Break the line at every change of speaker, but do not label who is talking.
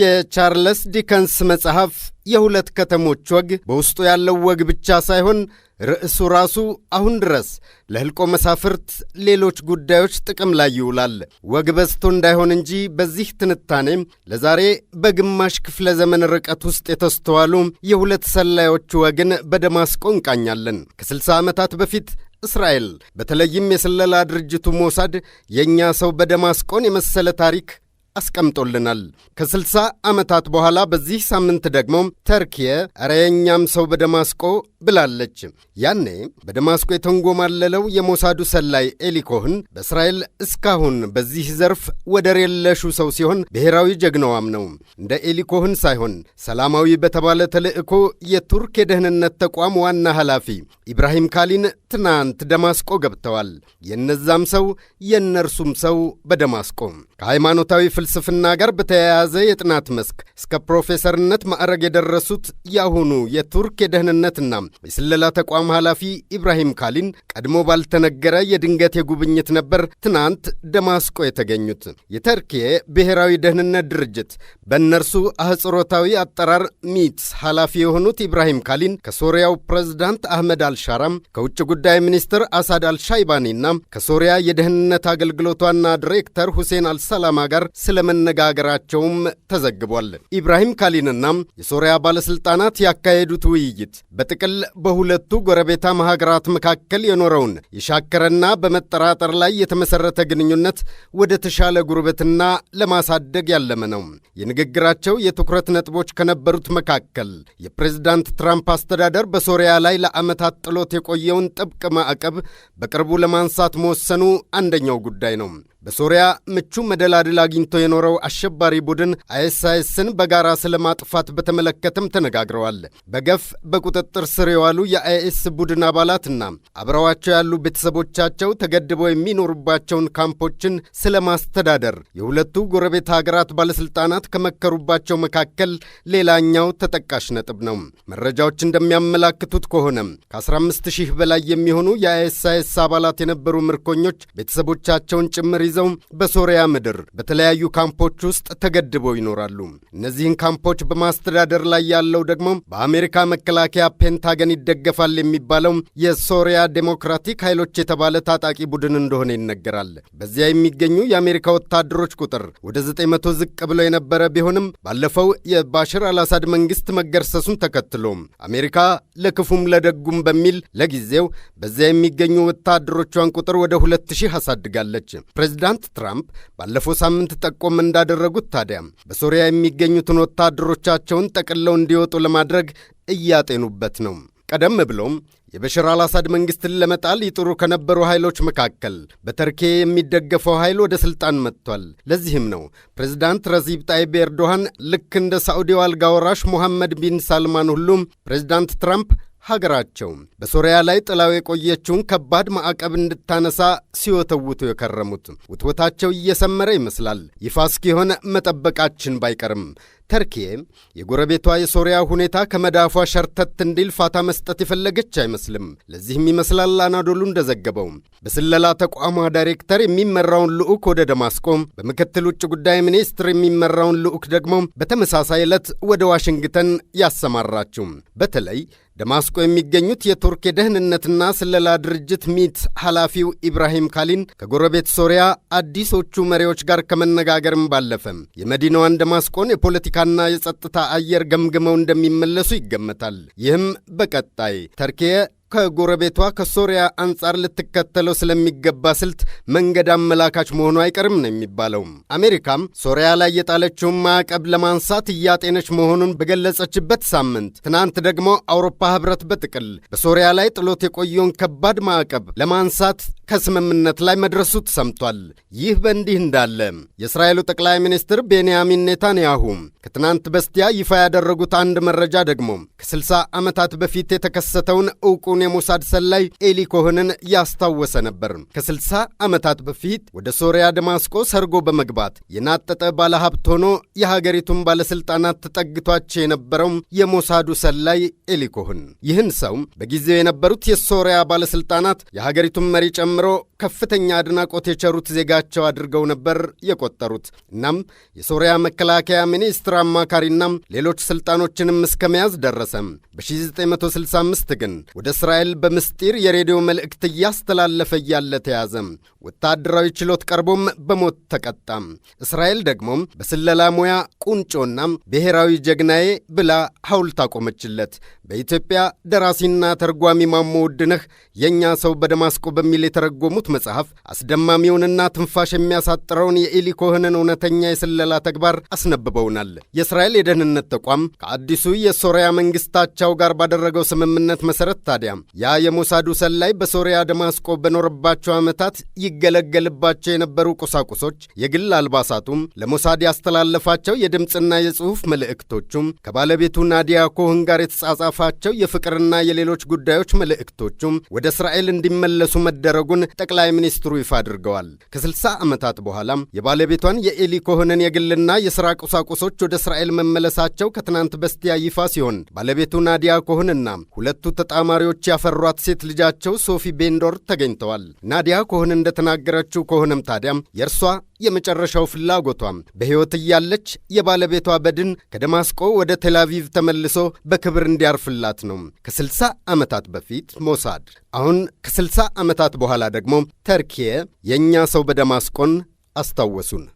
የቻርለስ ዲከንስ መጽሐፍ የሁለት ከተሞች ወግ በውስጡ ያለው ወግ ብቻ ሳይሆን ርዕሱ ራሱ አሁን ድረስ ለሕልቆ መሳፍርት ሌሎች ጉዳዮች ጥቅም ላይ ይውላል። ወግ በዝቶ እንዳይሆን እንጂ በዚህ ትንታኔ ለዛሬ በግማሽ ክፍለ ዘመን ርቀት ውስጥ የተስተዋሉ የሁለት ሰላዮች ወግን በደማስቆ እንቃኛለን። ከ60 ዓመታት በፊት እስራኤል በተለይም የስለላ ድርጅቱ ሞሳድ የእኛ ሰው በደማስቆን የመሰለ ታሪክ አስቀምጦልናል። ከ60 ዓመታት በኋላ በዚህ ሳምንት ደግሞ ተርኪየ እረ ሰው በደማስቆ ብላለች። ያኔ በደማስቆ የተንጎማለለው የሞሳዱ ሰላይ ኤሊ ኮህን በእስራኤል እስካሁን በዚህ ዘርፍ ወደር የለሹ ሰው ሲሆን ብሔራዊ ጀግናዋም ነው። እንደ ኤሊ ኮህን ሳይሆን ሰላማዊ በተባለ ተልዕኮ የቱርክ የደህንነት ተቋም ዋና ኃላፊ ኢብራሂም ካሊን ትናንት ደማስቆ ገብተዋል። የነዛም ሰው የእነርሱም ሰው በደማስቆ ከሃይማኖታዊ ፍልስፍና ጋር በተያያዘ የጥናት መስክ እስከ ፕሮፌሰርነት ማዕረግ የደረሱት ያሁኑ የቱርክ የደህንነትና የስለላ ተቋም ኃላፊ ኢብራሂም ካሊን ቀድሞ ባልተነገረ የድንገት የጉብኝት ነበር ትናንት ደማስቆ የተገኙት። የተርኬ ብሔራዊ ደህንነት ድርጅት በእነርሱ አህጽሮታዊ አጠራር ሚት ኃላፊ የሆኑት ኢብራሂም ካሊን ከሶሪያው ፕሬዝዳንት አህመድ አልሻራም ከውጭ ጉዳይ ሚኒስትር አሳድ አልሻይባኒና ከሶሪያ የደህንነት አገልግሎት ዋና ዲሬክተር ሁሴን አልሰላማ ጋር ስለመነጋገራቸውም ተዘግቧል። ኢብራሂም ካሊንና የሶሪያ ባለሥልጣናት ያካሄዱት ውይይት በጥቅል በሁለቱ ጎረቤታማ ሀገራት መካከል የኖረውን የሻከረና በመጠራጠር ላይ የተመሠረተ ግንኙነት ወደ ተሻለ ጉርበትና ለማሳደግ ያለመ ነው። የንግግራቸው የትኩረት ነጥቦች ከነበሩት መካከል የፕሬዝዳንት ትራምፕ አስተዳደር በሶሪያ ላይ ለዓመታት ጥሎት የቆየውን ጥብቅ ማዕቀብ በቅርቡ ለማንሳት መወሰኑ አንደኛው ጉዳይ ነው። በሶሪያ ምቹ መደላድል አግኝቶ የኖረው አሸባሪ ቡድን አይኤስአይስን በጋራ ስለማጥፋት በተመለከተም ተነጋግረዋል። በገፍ በቁጥጥር ስር የዋሉ የአይኤስ ቡድን አባላትና አብረዋቸው ያሉ ቤተሰቦቻቸው ተገድበው የሚኖሩባቸውን ካምፖችን ስለማስተዳደር የሁለቱ ጎረቤት ሀገራት ባለሥልጣናት ከመከሩባቸው መካከል ሌላኛው ተጠቃሽ ነጥብ ነው። መረጃዎች እንደሚያመላክቱት ከሆነ ከ15 ሺህ በላይ የሚሆኑ የአይኤስአይስ አባላት የነበሩ ምርኮኞች ቤተሰቦቻቸውን ጭምር ተይዘው በሶሪያ ምድር በተለያዩ ካምፖች ውስጥ ተገድበው ይኖራሉ። እነዚህን ካምፖች በማስተዳደር ላይ ያለው ደግሞ በአሜሪካ መከላከያ ፔንታገን ይደገፋል የሚባለው የሶሪያ ዴሞክራቲክ ኃይሎች የተባለ ታጣቂ ቡድን እንደሆነ ይነገራል። በዚያ የሚገኙ የአሜሪካ ወታደሮች ቁጥር ወደ 900 ዝቅ ብሎ የነበረ ቢሆንም ባለፈው የባሽር አልአሳድ መንግስት መገርሰሱን ተከትሎ አሜሪካ ለክፉም ለደጉም በሚል ለጊዜው በዚያ የሚገኙ ወታደሮቿን ቁጥር ወደ 2000 አሳድጋለች። ፕሬዚዳንት ትራምፕ ባለፈው ሳምንት ጠቆም እንዳደረጉት ታዲያ በሶሪያ የሚገኙትን ወታደሮቻቸውን ጠቅለው እንዲወጡ ለማድረግ እያጤኑበት ነው። ቀደም ብሎም የበሽር አልአሳድ መንግሥትን ለመጣል ይጥሩ ከነበሩ ኃይሎች መካከል በተርኬ የሚደገፈው ኃይል ወደ ሥልጣን መጥቷል። ለዚህም ነው ፕሬዝዳንት ረዚብ ጣይብ ኤርዶሃን ልክ እንደ ሳዑዲው አልጋ ወራሽ ሞሐመድ ቢን ሳልማን ሁሉም ፕሬዝዳንት ትራምፕ ሀገራቸው በሶሪያ ላይ ጥላው የቆየችውን ከባድ ማዕቀብ እንድታነሳ ሲወተውቱ የከረሙት ውትወታቸው እየሰመረ ይመስላል። ይፋ እስኪሆን መጠበቃችን ባይቀርም ተርኬ የጎረቤቷ የሶሪያ ሁኔታ ከመዳፏ ሸርተት እንዲል ፋታ መስጠት የፈለገች አይመስልም። ለዚህም ይመስላል አናዶሉ እንደዘገበው በስለላ ተቋሟ ዳይሬክተር የሚመራውን ልዑክ ወደ ደማስቆ፣ በምክትል ውጭ ጉዳይ ሚኒስትር የሚመራውን ልዑክ ደግሞ በተመሳሳይ ዕለት ወደ ዋሽንግተን ያሰማራችው በተለይ ደማስቆ የሚገኙት የቱርክ የደህንነትና ስለላ ድርጅት ሚት ኃላፊው ኢብራሂም ካሊን ከጎረቤት ሶሪያ አዲሶቹ መሪዎች ጋር ከመነጋገርም ባለፈም የመዲናዋን ደማስቆን የፖለቲካና የጸጥታ አየር ገምግመው እንደሚመለሱ ይገመታል። ይህም በቀጣይ ተርኬየ ከጎረቤቷ ከሶሪያ አንጻር ልትከተለው ስለሚገባ ስልት መንገድ አመላካች መሆኑ አይቀርም ነው የሚባለው። አሜሪካም ሶሪያ ላይ የጣለችውን ማዕቀብ ለማንሳት እያጤነች መሆኑን በገለጸችበት ሳምንት፣ ትናንት ደግሞ አውሮፓ ህብረት በጥቅል በሶሪያ ላይ ጥሎት የቆየውን ከባድ ማዕቀብ ለማንሳት ከስምምነት ላይ መድረሱ ተሰምቷል። ይህ በእንዲህ እንዳለ የእስራኤሉ ጠቅላይ ሚኒስትር ቤንያሚን ኔታንያሁ ከትናንት በስቲያ ይፋ ያደረጉት አንድ መረጃ ደግሞ ከ60 ዓመታት በፊት የተከሰተውን ዕውቁን የሞሳድ ሰላይ ኤሊ ኮህንን ያስታወሰ ነበር። ከ60 ዓመታት በፊት ወደ ሶሪያ ደማስቆ ሰርጎ በመግባት የናጠጠ ባለሀብት ሆኖ የሀገሪቱን ባለሥልጣናት ተጠግቷቸው የነበረው የሞሳዱ ሰላይ ኤሊ ኮህን ይህን ሰው በጊዜው የነበሩት የሶሪያ ባለሥልጣናት የሀገሪቱን መሪ ጨምሮ ጀምሮ ከፍተኛ አድናቆት የቸሩት ዜጋቸው አድርገው ነበር የቆጠሩት። እናም የሶሪያ መከላከያ ሚኒስትር አማካሪና ሌሎች ስልጣኖችንም እስከ መያዝ ደረሰ። በ1965 ግን ወደ እስራኤል በምስጢር የሬዲዮ መልእክት እያስተላለፈ እያለ ተያዘ። ወታደራዊ ችሎት ቀርቦም በሞት ተቀጣ። እስራኤል ደግሞ በስለላ ሙያ ቁንጮና ብሔራዊ ጀግናዬ ብላ ሐውልት አቆመችለት። በኢትዮጵያ ደራሲና ተርጓሚ ማሞ ውድነህ የእኛ ሰው በደማስቆ በሚል የተረጎሙት መጽሐፍ አስደማሚውንና ትንፋሽ የሚያሳጥረውን የኤሊ ኮህንን እውነተኛ የስለላ ተግባር አስነብበውናል። የእስራኤል የደህንነት ተቋም ከአዲሱ የሶሪያ መንግስታቸው ጋር ባደረገው ስምምነት መሰረት ታዲያ ያ የሞሳዱ ሰላይ በሶሪያ ደማስቆ በኖረባቸው ዓመታት ይገለገልባቸው የነበሩ ቁሳቁሶች፣ የግል አልባሳቱም፣ ለሞሳድ ያስተላለፋቸው የድምፅና የጽሑፍ መልእክቶቹም ከባለቤቱ ናዲያ ኮህን ጋር የተጻጻፈ ያሳለፋቸው የፍቅርና የሌሎች ጉዳዮች መልእክቶቹም ወደ እስራኤል እንዲመለሱ መደረጉን ጠቅላይ ሚኒስትሩ ይፋ አድርገዋል። ከ60 ዓመታት በኋላም የባለቤቷን የኤሊ ኮህንን የግልና የሥራ ቁሳቁሶች ወደ እስራኤል መመለሳቸው ከትናንት በስቲያ ይፋ ሲሆን ባለቤቱ ናዲያ ኮህንና ሁለቱ ተጣማሪዎች ያፈሯት ሴት ልጃቸው ሶፊ ቤንዶር ተገኝተዋል። ናዲያ ኮሆን እንደተናገረችው ከሆነም ታዲያም የእርሷ የመጨረሻው ፍላጎቷም በሕይወት እያለች የባለቤቷ በድን ከደማስቆ ወደ ቴላቪቭ ተመልሶ በክብር እንዲያርፍ የሚያተርፍላት ነው። ከ60 ዓመታት በፊት ሞሳድ፣ አሁን ከ60 ዓመታት በኋላ ደግሞ ተርኬ የእኛ ሰው በደማስቆን አስታወሱን።